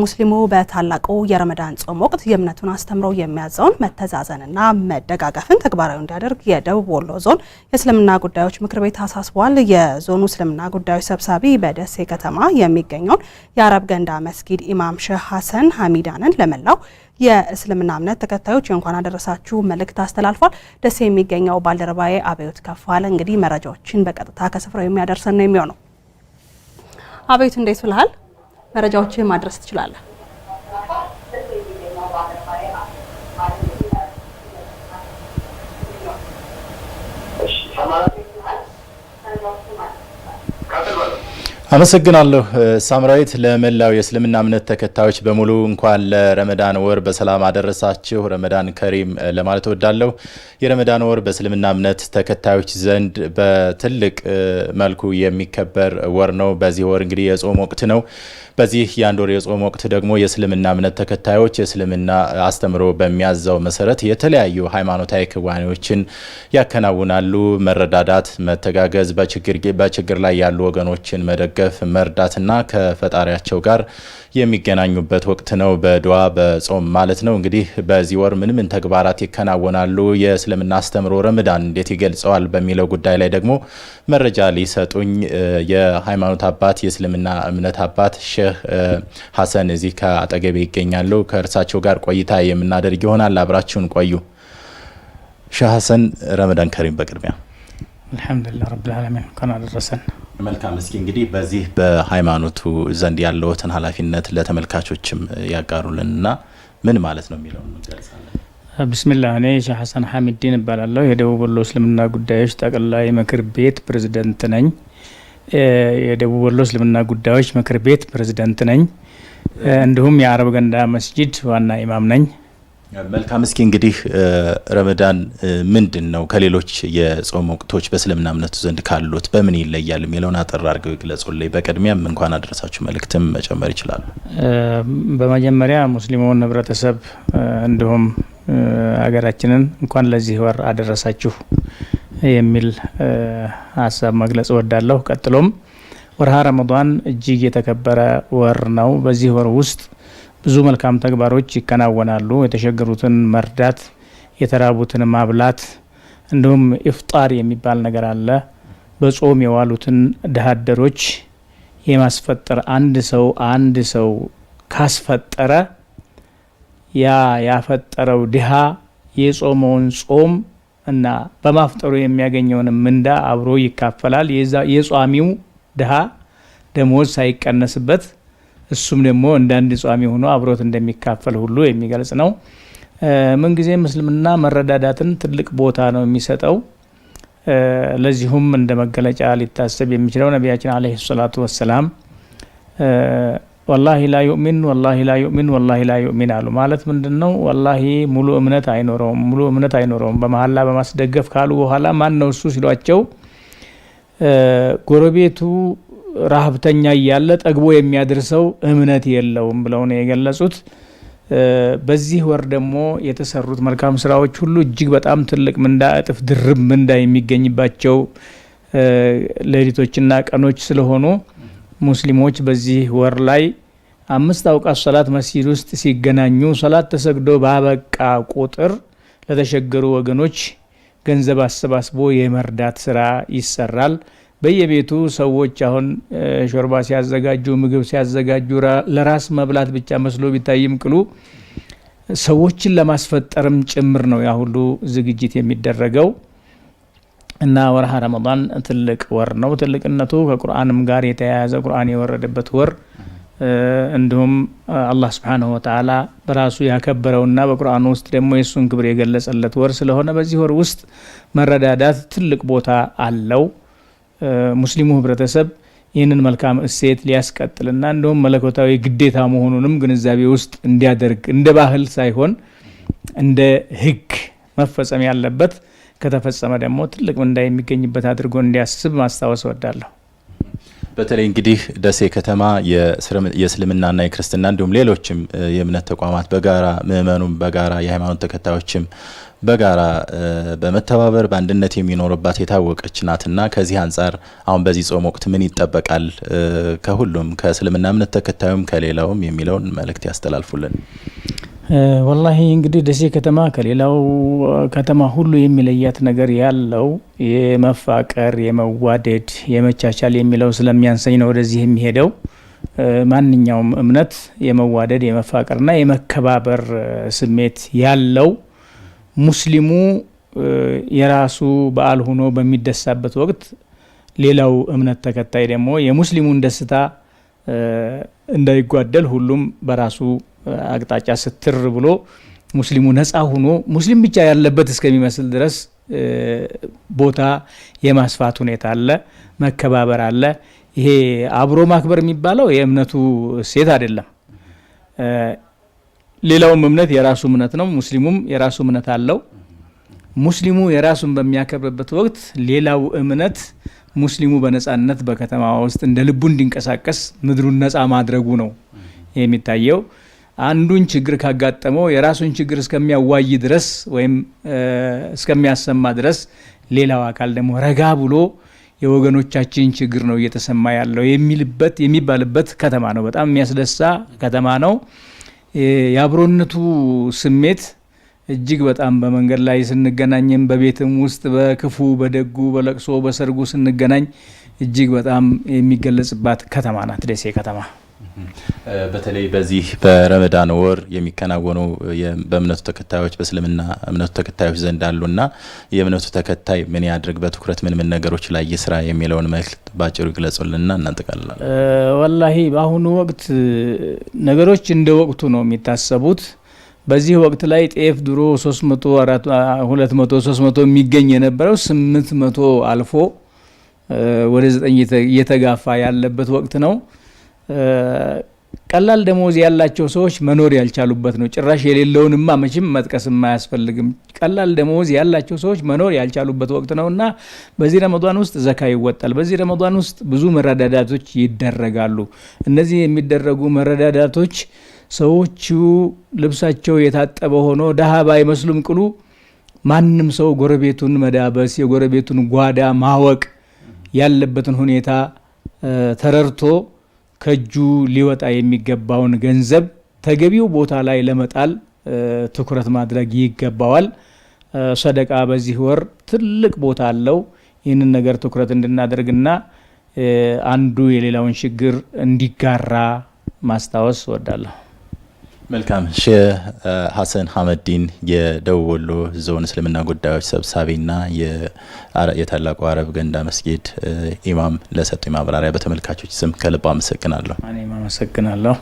ሙስሊሙ በታላቁ የረመዳን ጾም ወቅት የእምነቱን አስተምሮ የሚያዘውን መተዛዘንና መደጋገፍን ተግባራዊ እንዲያደርግ የደቡብ ወሎ ዞን የእስልምና ጉዳዮች ምክር ቤት አሳስቧል። የዞኑ እስልምና ጉዳዮች ሰብሳቢ በደሴ ከተማ የሚገኘውን የአረብ ገንዳ መስጊድ ኢማም ሼህ ሀሰን ሀሚዳንን ለመላው የእስልምና እምነት ተከታዮች የእንኳን አደረሳችሁ መልእክት አስተላልፏል። ደሴ የሚገኘው ባልደረባዬ አብዮት ከፋለ እንግዲህ መረጃዎችን በቀጥታ ከስፍራው የሚያደርሰን ነው የሚሆነው። አብዮት እንዴት ብልሃል? መረጃዎችን ማድረስ ትችላለህ? አመሰግናለሁ ሳምራዊት። ለመላው የእስልምና እምነት ተከታዮች በሙሉ እንኳን ለረመዳን ወር በሰላም አደረሳችሁ። ረመዳን ከሪም ለማለት እወዳለሁ። የረመዳን ወር በእስልምና እምነት ተከታዮች ዘንድ በትልቅ መልኩ የሚከበር ወር ነው። በዚህ ወር እንግዲህ የጾም ወቅት ነው። በዚህ የአንድ ወር የጾም ወቅት ደግሞ የእስልምና እምነት ተከታዮች የእስልምና አስተምሮ በሚያዘው መሰረት የተለያዩ ሃይማኖታዊ ክዋኔዎችን ያከናውናሉ። መረዳዳት፣ መተጋገዝ፣ በችግር ላይ ያሉ ወገኖችን መደገፍ መደገፍ መርዳትና ከፈጣሪያቸው ጋር የሚገናኙበት ወቅት ነው፣ በድዋ በጾም ማለት ነው። እንግዲህ በዚህ ወር ምን ምን ተግባራት ይከናወናሉ፣ የእስልምና አስተምሮ ረመዳን እንዴት ይገልጸዋል በሚለው ጉዳይ ላይ ደግሞ መረጃ ሊሰጡኝ የሃይማኖት አባት የእስልምና እምነት አባት ሼህ ሀሰን እዚህ ከአጠገቤ ይገኛሉ። ከእርሳቸው ጋር ቆይታ የምናደርግ ይሆናል። አብራችሁን ቆዩ። ሼህ ሀሰን ረመዳን ከሪም በቅድሚያ አልሐምዱሊላህ ረብል እንኳን አደረሰን። መልካም እስኪ እንግዲህ በዚህ በሃይማኖቱ ዘንድ ያለውትን ኃላፊነት ለተመልካቾችም ያጋሩልን ምን ማለት ነው የሚለውን እንገልጻለን። ብስሚላ እኔ ሼህ ሐሰን ሐሚዲን እባላለሁ። የደቡብ ወሎ እስልምና ጉዳዮች ጠቅላይ ምክር ቤት ፕሬዝደንት ነኝ። የደቡብ ወሎ እስልምና ጉዳዮች ምክር ቤት ፕሬዝደንት ነኝ። እንዲሁም የአረብ ገንዳ መስጂድ ዋና ኢማም ነኝ። መልካም እስኪ እንግዲህ ረመዳን ምንድን ነው ከሌሎች የጾም ወቅቶች በእስልምና እምነቱ ዘንድ ካሉት በምን ይለያል የሚለውን አጠር አድርገው ይግለጹልኝ። በቅድሚያም እንኳን አደረሳችሁ መልእክትም መጨመር ይችላሉ። በመጀመሪያ ሙስሊሙን ህብረተሰብ እንዲሁም ሀገራችንን እንኳን ለዚህ ወር አደረሳችሁ የሚል ሀሳብ መግለጽ እወዳለሁ። ቀጥሎም ወርሃ ረመዷን እጅግ የተከበረ ወር ነው። በዚህ ወር ውስጥ ብዙ መልካም ተግባሮች ይከናወናሉ። የተቸገሩትን መርዳት፣ የተራቡትን ማብላት፣ እንዲሁም ኢፍጣር የሚባል ነገር አለ። በጾም የዋሉትን ድሃ አደሮች የማስፈጠር አንድ ሰው አንድ ሰው ካስፈጠረ ያ ያፈጠረው ድሃ የጾመውን ጾም እና በማፍጠሩ የሚያገኘውን ምንዳ አብሮ ይካፈላል። የጿሚው ድሃ ደሞዝ ሳይቀነስበት እሱም ደግሞ እንደ አንድ ጿሚ ሆኖ አብሮት እንደሚካፈል ሁሉ የሚገልጽ ነው። ምንጊዜም እስልምና መረዳዳትን ትልቅ ቦታ ነው የሚሰጠው። ለዚሁም እንደ መገለጫ ሊታሰብ የሚችለው ነቢያችን አለይሂ ሰላቱ ወሰላም ወላሂ ላ ዩእሚን ወላሂ ላ ዩእሚን ወላሂ ላ ዩእሚን አሉ። ማለት ምንድን ነው? ወላሂ ሙሉ እምነት አይኖረውም፣ ሙሉ እምነት አይኖረውም በመሀላ በማስደገፍ ካሉ በኋላ ማን ነው እሱ ሲሏቸው ጎረቤቱ ረሀብተኛ እያለ ጠግቦ የሚያድርሰው እምነት የለውም ብለው ነው የገለጹት። በዚህ ወር ደግሞ የተሰሩት መልካም ስራዎች ሁሉ እጅግ በጣም ትልቅ ምንዳ እጥፍ ድርብ ምንዳ የሚገኝባቸው ሌሊቶችና ቀኖች ስለሆኑ ሙስሊሞች በዚህ ወር ላይ አምስት አውቃት ሰላት መስጂድ ውስጥ ሲገናኙ ሰላት ተሰግዶ ባበቃ ቁጥር ለተቸገሩ ወገኖች ገንዘብ አሰባስቦ የመርዳት ስራ ይሰራል። በየቤቱ ሰዎች አሁን ሾርባ ሲያዘጋጁ ምግብ ሲያዘጋጁ ለራስ መብላት ብቻ መስሎ ቢታይም ቅሉ ሰዎችን ለማስፈጠርም ጭምር ነው ያ ሁሉ ዝግጅት የሚደረገው እና ወርሃ ረመዳን ትልቅ ወር ነው። ትልቅነቱ ከቁርአንም ጋር የተያያዘ ቁርአን የወረደበት ወር እንዲሁም አላህ ስብሓነሁ ወተዓላ በራሱ ያከበረውና በቁርአኑ ውስጥ ደግሞ የእሱን ክብር የገለጸለት ወር ስለሆነ በዚህ ወር ውስጥ መረዳዳት ትልቅ ቦታ አለው። ሙስሊሙ ህብረተሰብ ይህንን መልካም እሴት ሊያስቀጥልና እንደውም መለኮታዊ ግዴታ መሆኑንም ግንዛቤ ውስጥ እንዲያደርግ እንደ ባህል ሳይሆን እንደ ህግ መፈጸም ያለበት ከተፈጸመ ደግሞ ትልቅ ምንዳ የሚገኝበት አድርጎ እንዲያስብ ማስታወስ እወዳለሁ። በተለይ እንግዲህ ደሴ ከተማ የእስልምናና የክርስትና እንዲሁም ሌሎችም የእምነት ተቋማት በጋራ ምእመኑም በጋራ የሃይማኖት ተከታዮችም በጋራ በመተባበር በአንድነት የሚኖርባት የታወቀች ናትና ከዚህ አንጻር አሁን በዚህ ጾም ወቅት ምን ይጠበቃል ከሁሉም ከእስልምና እምነት ተከታዩም ከሌላውም የሚለውን መልእክት ያስተላልፉልን። ወላሂ እንግዲህ ደሴ ከተማ ከሌላው ከተማ ሁሉ የሚለያት ነገር ያለው የመፋቀር፣ የመዋደድ፣ የመቻቻል የሚለው ስለሚያንሰኝ ነው ወደዚህ የሚሄደው። ማንኛውም እምነት የመዋደድ የመፋቀርና የመከባበር ስሜት ያለው ሙስሊሙ የራሱ በዓል ሆኖ በሚደሳበት ወቅት ሌላው እምነት ተከታይ ደግሞ የሙስሊሙን ደስታ እንዳይጓደል ሁሉም በራሱ አቅጣጫ ስትር ብሎ ሙስሊሙ ነፃ ሆኖ ሙስሊም ብቻ ያለበት እስከሚመስል ድረስ ቦታ የማስፋት ሁኔታ አለ፣ መከባበር አለ። ይሄ አብሮ ማክበር የሚባለው የእምነቱ እሴት አይደለም። ሌላውም እምነት የራሱ እምነት ነው። ሙስሊሙም የራሱ እምነት አለው። ሙስሊሙ የራሱን በሚያከብርበት ወቅት ሌላው እምነት ሙስሊሙ በነፃነት በከተማ ውስጥ እንደ ልቡ እንዲንቀሳቀስ ምድሩን ነፃ ማድረጉ ነው የሚታየው። አንዱን ችግር ካጋጠመው የራሱን ችግር እስከሚያዋይ ድረስ ወይም እስከሚያሰማ ድረስ ሌላው አካል ደግሞ ረጋ ብሎ የወገኖቻችን ችግር ነው እየተሰማ ያለው የሚልበት የሚባልበት ከተማ ነው። በጣም የሚያስደሳ ከተማ ነው። የአብሮነቱ ስሜት እጅግ በጣም በመንገድ ላይ ስንገናኝም በቤትም ውስጥ በክፉ በደጉ በለቅሶ በሰርጉ ስንገናኝ እጅግ በጣም የሚገለጽባት ከተማ ናት ደሴ ከተማ። በተለይ በዚህ በረመዳን ወር የሚከናወኑ በእምነቱ ተከታዮች በእስልምና እምነቱ ተከታዮች ዘንድ አሉና የእምነቱ ተከታይ ምን ያድርግ፣ በትኩረት ምን ምን ነገሮች ላይ ይስራ የሚለውን መልእክት ባጭሩ ይግለጹልንና እናጠቃልላለን። ወላሂ በአሁኑ ወቅት ነገሮች እንደ ወቅቱ ነው የሚታሰቡት። በዚህ ወቅት ላይ ጤፍ ድሮ 200 300 የሚገኝ የነበረው 800 አልፎ ወደ 9 እየተጋፋ ያለበት ወቅት ነው። ቀላል ደሞዝ ያላቸው ሰዎች መኖር ያልቻሉበት ነው። ጭራሽ የሌለውንማ መቼም መጥቀስም አያስፈልግም። ቀላል ደሞዝ ያላቸው ሰዎች መኖር ያልቻሉበት ወቅት ነው እና በዚህ ረመዷን ውስጥ ዘካ ይወጣል። በዚህ ረመዷን ውስጥ ብዙ መረዳዳቶች ይደረጋሉ። እነዚህ የሚደረጉ መረዳዳቶች ሰዎቹ ልብሳቸው የታጠበ ሆኖ ደሃ ባይመስሉም ቅሉ ማንም ሰው ጎረቤቱን መዳበስ፣ የጎረቤቱን ጓዳ ማወቅ ያለበትን ሁኔታ ተረድቶ ከእጁ ሊወጣ የሚገባውን ገንዘብ ተገቢው ቦታ ላይ ለመጣል ትኩረት ማድረግ ይገባዋል። ሰደቃ በዚህ ወር ትልቅ ቦታ አለው። ይህንን ነገር ትኩረት እንድናደርግና አንዱ የሌላውን ችግር እንዲጋራ ማስታወስ እወዳለሁ። መልካም ሼህ ሀሰን ሀመዲን የደቡብ ወሎ ዞን እስልምና ጉዳዮች ሰብሳቢና የታላቁ አረብ ገንዳ መስጊድ ኢማም ለሰጡ ማብራሪያ በተመልካቾች ስም ከልብ አመሰግናለሁ። እኔም አመሰግናለሁ።